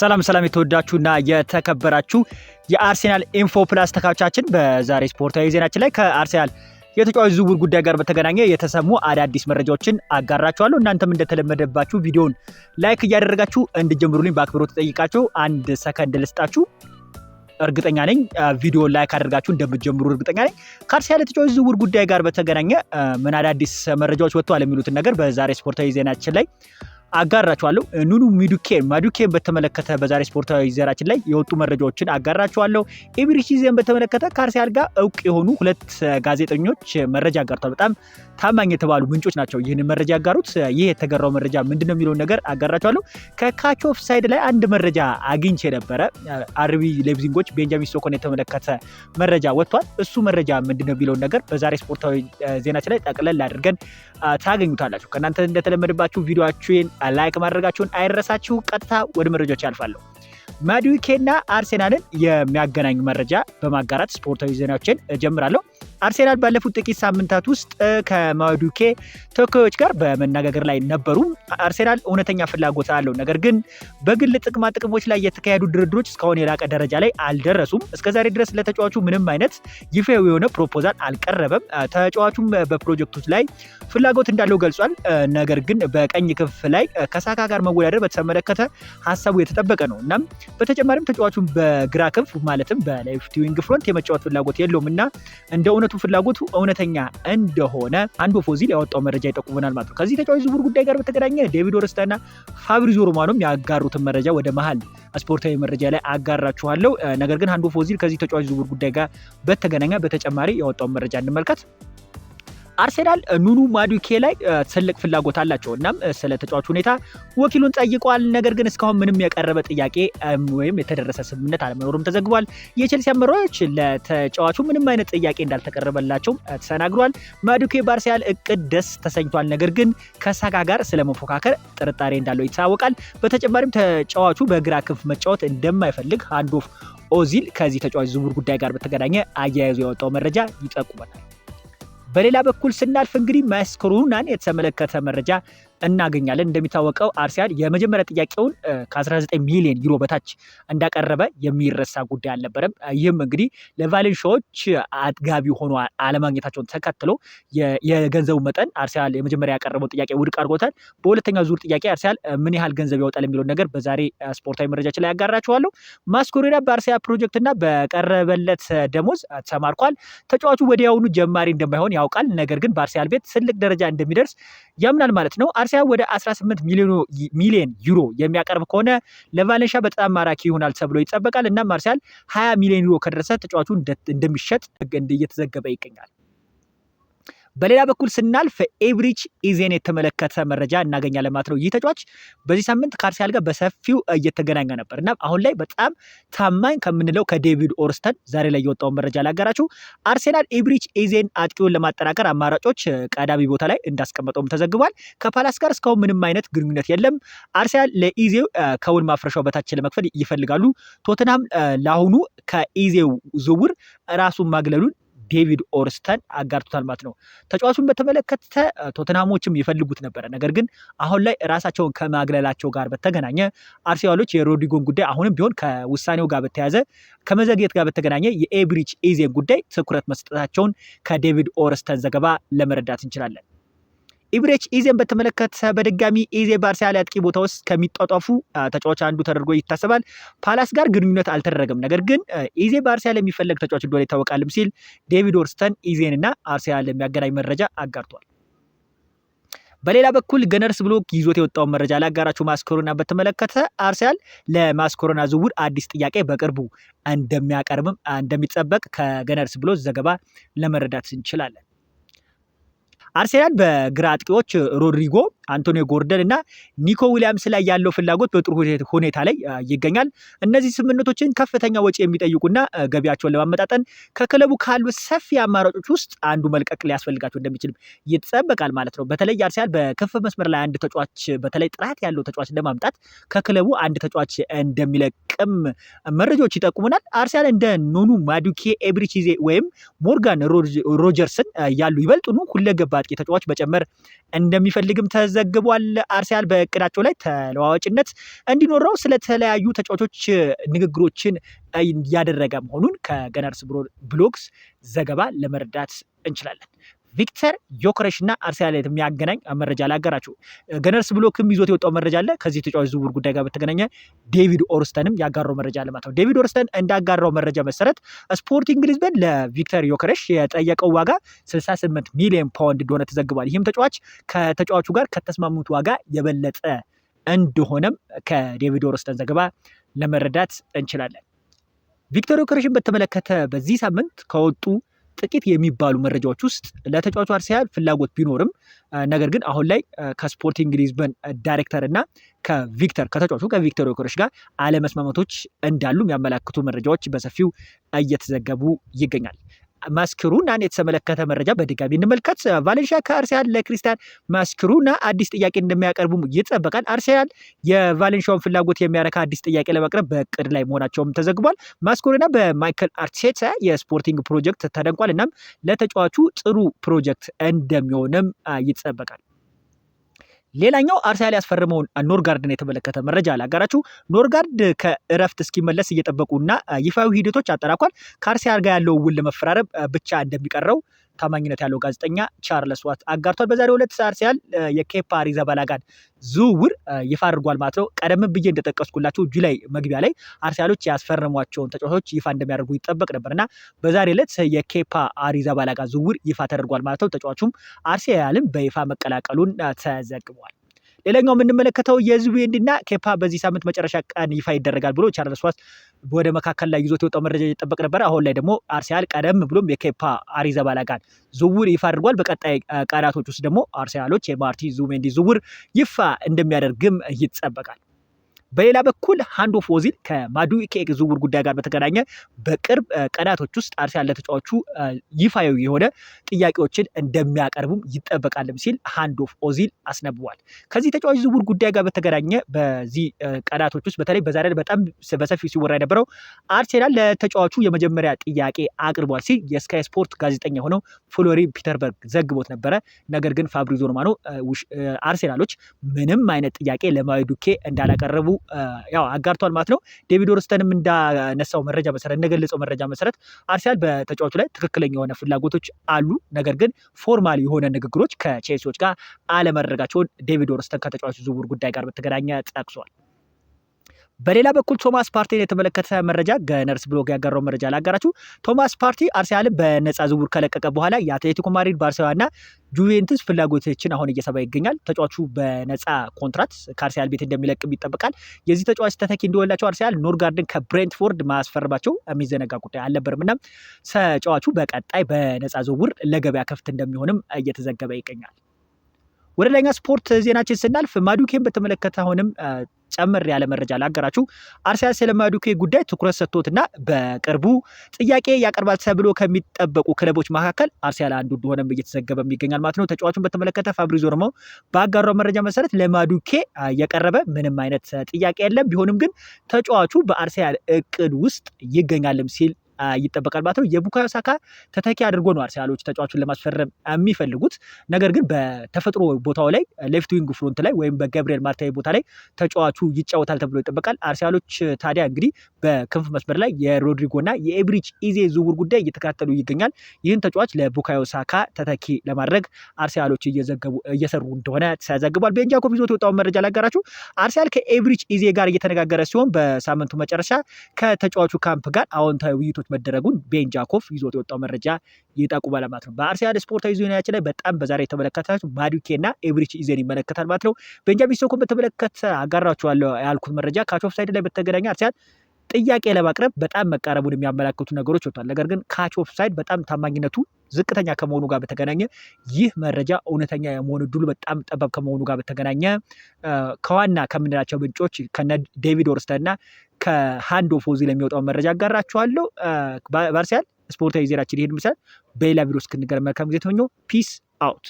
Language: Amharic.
ሰላም ሰላም የተወዳችሁና የተከበራችሁ የአርሴናል ኢንፎ ፕላስ ተካቻችን በዛሬ ስፖርታዊ ዜናችን ላይ ከአርሴናል የተጫዋች ዝውውር ጉዳይ ጋር በተገናኘ የተሰሙ አዳዲስ መረጃዎችን አጋራችኋለሁ። እናንተም እንደተለመደባችሁ ቪዲዮን ላይክ እያደረጋችሁ እንድጀምሩልኝ በአክብሮት ተጠይቃችሁ አንድ ሰከንድ ልስጣችሁ። እርግጠኛ ነኝ ቪዲዮን ላይክ አድርጋችሁ እንደምትጀምሩ እርግጠኛ ነኝ። ከአርሴናል የተጫዋች ዝውውር ጉዳይ ጋር በተገናኘ ምን አዳዲስ መረጃዎች ወጥተዋል የሚሉትን ነገር በዛሬ ስፖርታዊ ዜናችን ላይ አጋራችኋለሁ። ኑኑ ሚዱኬን ማዱኬን በተመለከተ በዛሬ ስፖርታዊ ዘራችን ላይ የወጡ መረጃዎችን አጋራችኋለሁ። ኤብሪቺዜን በተመለከተ ከአርሰናል ጋር እውቅ የሆኑ ሁለት ጋዜጠኞች መረጃ አጋርቷል። በጣም ታማኝ የተባሉ ምንጮች ናቸው ይህን መረጃ ያጋሩት። ይህ የተገራው መረጃ ምንድን ነው የሚለውን ነገር አጋራችኋለሁ። ከካች ኦፍ ሳይድ ላይ አንድ መረጃ አግኝቼ ነበረ። አርቢ ሌብዚንጎች ቤንጃሚን ሶኮን የተመለከተ መረጃ ወጥቷል። እሱ መረጃ ምንድን ነው የሚለውን ነገር በዛሬ ስፖርታዊ ዜናችን ላይ ጠቅለል አድርገን ታገኙታላችሁ። ከእናንተ እንደተለመደባችሁ ቪዲዮችን ላይክ ማድረጋችሁን አይረሳችሁ። ቀጥታ ወደ መረጃዎች ያልፋለሁ። ማዱኬና አርሴናልን የሚያገናኝ መረጃ በማጋራት ስፖርታዊ ዜናዎችን እጀምራለሁ። አርሴናል ባለፉት ጥቂት ሳምንታት ውስጥ ከማዱኬ ተወካዮች ጋር በመነጋገር ላይ ነበሩ። አርሴናል እውነተኛ ፍላጎት አለው፣ ነገር ግን በግል ጥቅማ ጥቅሞች ላይ የተካሄዱ ድርድሮች እስካሁን የላቀ ደረጃ ላይ አልደረሱም። እስከዛሬ ድረስ ለተጫዋቹ ምንም አይነት ይፋዊ የሆነ ፕሮፖዛል አልቀረበም። ተጫዋቹም በፕሮጀክቶች ላይ ፍላጎት እንዳለው ገልጿል። ነገር ግን በቀኝ ክንፍ ላይ ከሳካ ጋር መወዳደር በተመለከተ ሀሳቡ የተጠበቀ ነው። እናም በተጨማሪም ተጫዋቹን በግራ ክንፍ ማለትም በሌፍት ዊንግ ፍሮንት የመጫወት ፍላጎት የለውም እና እንደ የእውነቱ ፍላጎቱ እውነተኛ እንደሆነ አንዱ ፎዚል ያወጣው መረጃ ይጠቁመናል ማለት ነው። ከዚህ ተጫዋች ዝውውር ጉዳይ ጋር በተገናኘ ዴቪድ ኦረስታና ፋብሪዞ ሮማኖም ያጋሩትን መረጃ ወደ መሀል ስፖርታዊ መረጃ ላይ አጋራችኋለሁ። ነገር ግን አንዱ ፎዚል ከዚህ ተጫዋች ዝውውር ጉዳይ ጋር በተገናኘ በተጨማሪ ያወጣውን መረጃ እንመልከት። አርሴናል ኑኑ ማዱኬ ላይ ትልቅ ፍላጎት አላቸው። እናም ስለ ተጫዋቹ ሁኔታ ወኪሉን ጠይቀዋል። ነገር ግን እስካሁን ምንም የቀረበ ጥያቄ ወይም የተደረሰ ስምምነት አለመኖሩም ተዘግቧል። የቼልሲ አመራሮች ለተጫዋቹ ምንም አይነት ጥያቄ እንዳልተቀረበላቸውም ተናግሯል። ማዱኬ በአርሴናል እቅድ ደስ ተሰኝቷል። ነገር ግን ከሳካ ጋር ስለመፎካከር ጥርጣሬ እንዳለው ይታወቃል። በተጨማሪም ተጫዋቹ በግራ ክንፍ መጫወት እንደማይፈልግ አንዶፍ ኦዚል ከዚህ ተጫዋች ዝውውር ጉዳይ ጋር በተገናኘ አያይዞ ያወጣው መረጃ ይጠቁመናል። በሌላ በኩል ስናልፍ እንግዲህ ማስክሩናን የተመለከተ መረጃ እናገኛለን። እንደሚታወቀው አርሰናል የመጀመሪያ ጥያቄውን ከ19 ሚሊዮን ዩሮ በታች እንዳቀረበ የሚረሳ ጉዳይ አልነበረም። ይህም እንግዲህ ለቫሌንሺያዎች አጥጋቢ ሆኖ አለማግኘታቸውን ተከትሎ የገንዘቡ መጠን አርሰናል የመጀመሪያ ያቀረበውን ጥያቄ ውድቅ አድርጎታል። በሁለተኛው ዙር ጥያቄ አርሰናል ምን ያህል ገንዘብ ያወጣል የሚለውን ነገር በዛሬ ስፖርታዊ መረጃችን ላይ ያጋራችኋለሁ። ማስኮሬዳ በአርሰናል ፕሮጀክት እና በቀረበለት ደሞዝ ተማርኳል። ተጫዋቹ ወዲያውኑ ጀማሪ እንደማይሆን ያውቃል። ነገር ግን በአርሰናል ቤት ትልቅ ደረጃ እንደሚደርስ ያምናል ማለት ነው። ለቫሌንሺያ ወደ 18 ሚሊዮን ዩሮ የሚያቀርብ ከሆነ ለቫለንሻ በጣም ማራኪ ይሆናል ተብሎ ይጠበቃል። እና ማርሲያል 20 ሚሊዮን ዩሮ ከደረሰ ተጫዋቹ እንደሚሸጥ እየተዘገበ ይገኛል። በሌላ በኩል ስናልፍ ኤብሪች ኢዜን የተመለከተ መረጃ እናገኛለን ማለት ነው። ይህ ተጫዋች በዚህ ሳምንት ከአርሰናል ጋር በሰፊው እየተገናኘ ነበር እና አሁን ላይ በጣም ታማኝ ከምንለው ከዴቪድ ኦርስተን ዛሬ ላይ የወጣውን መረጃ ላገራችሁ አርሴናል ኤብሪች ኢዜን አጥቂውን ለማጠናከር አማራጮች ቀዳሚ ቦታ ላይ እንዳስቀመጠውም ተዘግቧል። ከፓላስ ጋር እስካሁን ምንም አይነት ግንኙነት የለም። አርሰናል ለኢዜው ከውል ማፍረሻው በታች ለመክፈል ይፈልጋሉ። ቶተናም ለአሁኑ ከኢዜው ዝውውር ራሱን ማግለሉን ዴቪድ ኦርስተን አጋርቶታል ማለት ነው። ተጫዋቹን በተመለከተ ቶተናሞችም ይፈልጉት ነበረ። ነገር ግን አሁን ላይ ራሳቸውን ከማግለላቸው ጋር በተገናኘ አርሴዋሎች የሮድሪጎን ጉዳይ አሁንም ቢሆን ከውሳኔው ጋር በተያዘ ከመዘግየት ጋር በተገናኘ የኤብሪች ኢዜን ጉዳይ ትኩረት መስጠታቸውን ከዴቪድ ኦርስተን ዘገባ ለመረዳት እንችላለን። ኢብሬች ኢዜን በተመለከተ በድጋሚ ኢዜ በአርሰናል አጥቂ ቦታ ውስጥ ከሚጧጧፉ ተጫዋች አንዱ ተደርጎ ይታሰባል። ፓላስ ጋር ግንኙነት አልተደረገም። ነገር ግን ኢዜ በአርሰናል የሚፈለግ ተጫዋች እንደሆነ ይታወቃልም ሲል ዴቪድ ኦርስተን ኢዜን እና አርሰናል የሚያገናኝ መረጃ አጋርቷል። በሌላ በኩል ገነርስ ብሎ ይዞት የወጣውን መረጃ ላጋራችሁ። ማስኮሮና በተመለከተ አርሰናል ለማስኮሮና ዝውውር አዲስ ጥያቄ በቅርቡ እንደሚያቀርብም እንደሚጠበቅ ከገነርስ ብሎ ዘገባ ለመረዳት እንችላለን። አርሴናል በግራ አጥቂዎች ሮድሪጎ አንቶኒ ጎርደን እና ኒኮ ዊሊያምስ ላይ ያለው ፍላጎት በጥሩ ሁኔታ ላይ ይገኛል። እነዚህ ስምምነቶችን ከፍተኛ ወጪ የሚጠይቁና ገቢያቸውን ለማመጣጠን ከክለቡ ካሉ ሰፊ አማራጮች ውስጥ አንዱ መልቀቅ ሊያስፈልጋቸው እንደሚችልም ይጠበቃል ማለት ነው። በተለይ አርሰናል በክፍ መስመር ላይ አንድ ተጫዋች በተለይ ጥራት ያለው ተጫዋች ለማምጣት ከክለቡ አንድ ተጫዋች እንደሚለቅም መረጃዎች ይጠቁሙናል። አርሰናል እንደ ኖኑ ማዱኬ፣ ኤብሪቺዜ ወይም ሞርጋን ሮጀርስን ያሉ ይበልጡኑ ሁለገብ አጥቂ ተጫዋች መጨመር እንደሚፈልግም ተዝ ዘግቧል። አርሰናል በእቅዳቸው ላይ ተለዋዋጭነት እንዲኖረው ስለተለያዩ ተጫዋቾች ንግግሮችን እያደረገ መሆኑን ከገነርስ ብሎግስ ዘገባ ለመረዳት እንችላለን ቪክተር ዮከረሽ እና አርሴናል የሚያገናኝ መረጃ ላጋራችሁ። ገነርስ ብሎክም ይዞት የወጣው መረጃ አለ። ከዚህ ተጫዋች ዝውውር ጉዳይ ጋር በተገናኘ ዴቪድ ኦርስተንም ያጋራው መረጃ አለ ማለት ነው። ዴቪድ ኦርስተን እንዳጋራው መረጃ መሰረት ስፖርቲንግ ሊዝበን ለቪክተር ዮከረሽ የጠየቀው ዋጋ 68 ሚሊዮን ፓውንድ እንደሆነ ተዘግቧል። ይህም ተጫዋች ከተጫዋቹ ጋር ከተስማሙት ዋጋ የበለጠ እንደሆነም ከዴቪድ ኦርስተን ዘገባ ለመረዳት እንችላለን። ቪክተር ዮከረሽን በተመለከተ በዚህ ሳምንት ከወጡ ጥቂት የሚባሉ መረጃዎች ውስጥ ለተጫዋቹ አርሰናል ፍላጎት ቢኖርም ነገር ግን አሁን ላይ ከስፖርቲንግ ሊዝበን ዳይሬክተር እና ከቪክተር ከተጫዋቹ ከቪክተር ዮከረስ ጋር አለመስማማቶች እንዳሉ የሚያመላክቱ መረጃዎች በሰፊው እየተዘገቡ ይገኛል። ማስክሩና የተመለከተ መረጃ በድጋሚ እንመልከት። ቫሌንሺያ ከአርሰናል ለክሪስቲያን ማስክሩና አዲስ ጥያቄ እንደሚያቀርቡ ይጠበቃል። አርሰናል የቫሌንሺያውን ፍላጎት የሚያረካ አዲስ ጥያቄ ለማቅረብ በእቅድ ላይ መሆናቸውም ተዘግቧል። ማስኩሩና በማይክል አርቴታ የስፖርቲንግ ፕሮጀክት ተደንቋል። እናም ለተጫዋቹ ጥሩ ፕሮጀክት እንደሚሆንም ይጠበቃል። ሌላኛው አርሰናል ያስፈርመውን ኖርጋርድን የተመለከተ መረጃ ላጋራችሁ። ኖርጋርድ ከእረፍት እስኪመለስ እየጠበቁና ይፋዊ ሂደቶች አጠናቋል። ከአርሰናል ጋር ያለው ውል ለመፈራረም ብቻ እንደሚቀረው ታማኝነት ያለው ጋዜጠኛ ቻርለስ ዋት አጋርቷል። በዛሬ ሁለት ሰዓት ሲያል የኬፓ አሪዛባላጋን ዝውውር ይፋ አድርጓል ማለት ነው። ቀደም ብዬ እንደጠቀስኩላቸው ጁላይ መግቢያ ላይ አርሰናሎች ያስፈረሟቸውን ተጫዋቾች ይፋ እንደሚያደርጉ ይጠበቅ ነበር እና በዛሬ ዕለት የኬፓ አሪዛባላጋ ዝውውር ይፋ ተደርጓል ማለት ነው። ተጫዋቹም አርሰናልን በይፋ መቀላቀሉን ተዘግቧል። ሌላኛው የምንመለከተው እና ኬፓ በዚህ ሳምንት መጨረሻ ቀን ይፋ ይደረጋል ብሎ ቻርለስ ዋስ ወደ መካከል ላይ ይዞት የወጣው መረጃ እየጠበቅ ነበረ። አሁን ላይ ደግሞ አርሰናል ቀደም ብሎም የኬፓ አሪዘባላጋን ዝውውር ይፋ አድርጓል። በቀጣይ ቀናቶች ውስጥ ደግሞ አርሰናሎች የማርቲን ዙቤንዲ ዝውውር ይፋ እንደሚያደርግም ይጠበቃል። በሌላ በኩል ሃንድ ኦፍ ኦዚል ከማዱኬ ዝውውር ጉዳይ ጋር በተገናኘ በቅርብ ቀናቶች ውስጥ አርሰናል ለተጫዋቹ ይፋዊ የሆነ ጥያቄዎችን እንደሚያቀርቡም ይጠበቃልም ሲል ሃንድ ኦፍ ኦዚል አስነብቧል። ከዚህ ተጫዋች ዝውውር ጉዳይ ጋር በተገናኘ በዚህ ቀናቶች ውስጥ በተለይ በዛሬ በጣም በሰፊው ሲወራ የነበረው አርሴናል ለተጫዋቹ የመጀመሪያ ጥያቄ አቅርቧል ሲል የስካይ ስፖርት ጋዜጠኛ የሆነው ፍሎሪን ፒተርበርግ ዘግቦት ነበረ። ነገር ግን ፋብሪዞ ሮማኖ አርሴናሎች ምንም አይነት ጥያቄ ለማዱኬ እንዳላቀረቡ ያው አጋርቷል ማለት ነው። ዴቪድ ወርስተንም እንዳነሳው መረጃ መሰረት እንደገለጸው መረጃ መሰረት አርሰናል በተጫዋቹ ላይ ትክክለኛ የሆነ ፍላጎቶች አሉ፣ ነገር ግን ፎርማል የሆነ ንግግሮች ከቼልሲዎች ጋር አለመደረጋቸውን ዴቪድ ወርስተን ከተጫዋቹ ዝውውር ጉዳይ ጋር በተገናኘ ጠቅሷል። በሌላ በኩል ቶማስ ፓርቲን የተመለከተ መረጃ ገነርስ ብሎግ ያጋራው መረጃ ላጋራችሁ። ቶማስ ፓርቲ አርሰናልን በነፃ ዝውውር ከለቀቀ በኋላ የአትሌቲኮ ማድሪድ፣ ባርሴሎናና ጁቬንቱስ ፍላጎቶችን አሁን እየሰባ ይገኛል። ተጫዋቹ በነፃ ኮንትራት ከአርሰናል ቤት እንደሚለቅም ይጠበቃል። የዚህ ተጫዋች ተተኪ እንዲሆንላቸው አርሰናል ኖርጋርድን ከብሬንትፎርድ ማስፈረባቸው የሚዘነጋ ጉዳይ አልነበርም እና ተጫዋቹ በቀጣይ በነፃ ዝውውር ለገበያ ክፍት እንደሚሆንም እየተዘገበ ይገኛል። ወደ ላይኛ ስፖርት ዜናችን ስናልፍ ማዱኬን በተመለከተ አሁንም ጨምር ያለ መረጃ ላገራችሁ። አርሰናል ስለማዱኬ ጉዳይ ትኩረት ሰጥቶትና በቅርቡ ጥያቄ ያቀርባል ተብሎ ከሚጠበቁ ክለቦች መካከል አርሰናል አንዱ እንደሆነም እየተዘገበ ይገኛል ማለት ነው። ተጫዋቹን በተመለከተ ፋብሪዞ ሮማኖ ባጋራው መረጃ መሰረት ለማዱኬ የቀረበ ምንም አይነት ጥያቄ የለም። ቢሆንም ግን ተጫዋቹ በአርሰናል እቅድ ውስጥ ይገኛልም ሲል ይጠበቃል ማለት ነው። የቡካዮ ሳካ ተተኪ አድርጎ ነው አርሴናሎች ተጫዋቹን ለማስፈረም የሚፈልጉት። ነገር ግን በተፈጥሮ ቦታው ላይ ሌፍት ዊንግ ፍሮንት ላይ ወይም በገብርኤል ማርታዊ ቦታ ላይ ተጫዋቹ ይጫወታል ተብሎ ይጠበቃል። አርሴናሎች ታዲያ እንግዲህ በክንፍ መስመር ላይ የሮድሪጎ እና የኤብሪች ኢዜ ዝውውር ጉዳይ እየተከታተሉ ይገኛል። ይህን ተጫዋች ለቡካዮ ሳካ ተተኪ ለማድረግ አርሴናሎች እየሰሩ እንደሆነ ተዘግቧል። ቤን ጃኮብ ይዞት የወጣውን መረጃ ላጋራችሁ። አርሴናል ከኤብሪች ኢዜ ጋር እየተነጋገረ ሲሆን በሳምንቱ መጨረሻ ከተጫዋቹ ካምፕ ጋር አዎንታዊ ውይይቶች እንዲመሩት መደረጉን ቤንጃኮቭ ይዞት የወጣው መረጃ ይጠቁማል ማለት ነው። በአርሰናል ስፖርታዊ ዜናችን ላይ በጣም በዛሬ የተመለከታችሁ ማዱኬ እና ኤብሪች ኢዜን ይመለከታል ማለት ነው። ቤንጃሚን ሴስኮን በተመለከተ አጋራችኋለሁ ያልኩት መረጃ ካቾፍ ሳይድ ላይ በተገናኘ አርሰናል ጥያቄ ለማቅረብ በጣም መቃረቡን የሚያመላክቱ ነገሮች ወጥቷል። ነገር ግን ካቾፍ ሳይድ በጣም ታማኝነቱ ዝቅተኛ ከመሆኑ ጋር በተገናኘ ይህ መረጃ እውነተኛ የመሆኑ እድሉ በጣም ጠባብ ከመሆኑ ጋር በተገናኘ ከዋና ከምንላቸው ምንጮች ከነ ዴቪድ እና ከሃንድ ኦፍ ኦዚ ለሚወጣውን መረጃ አጋራችኋለሁ። ባርሲያል ስፖርታዊ ዜናችን ይሄን ይመስላል። በሌላ ቪዲዮ እስክንገናኝ መልካም ጊዜ ተመኘሁ። ፒስ አውት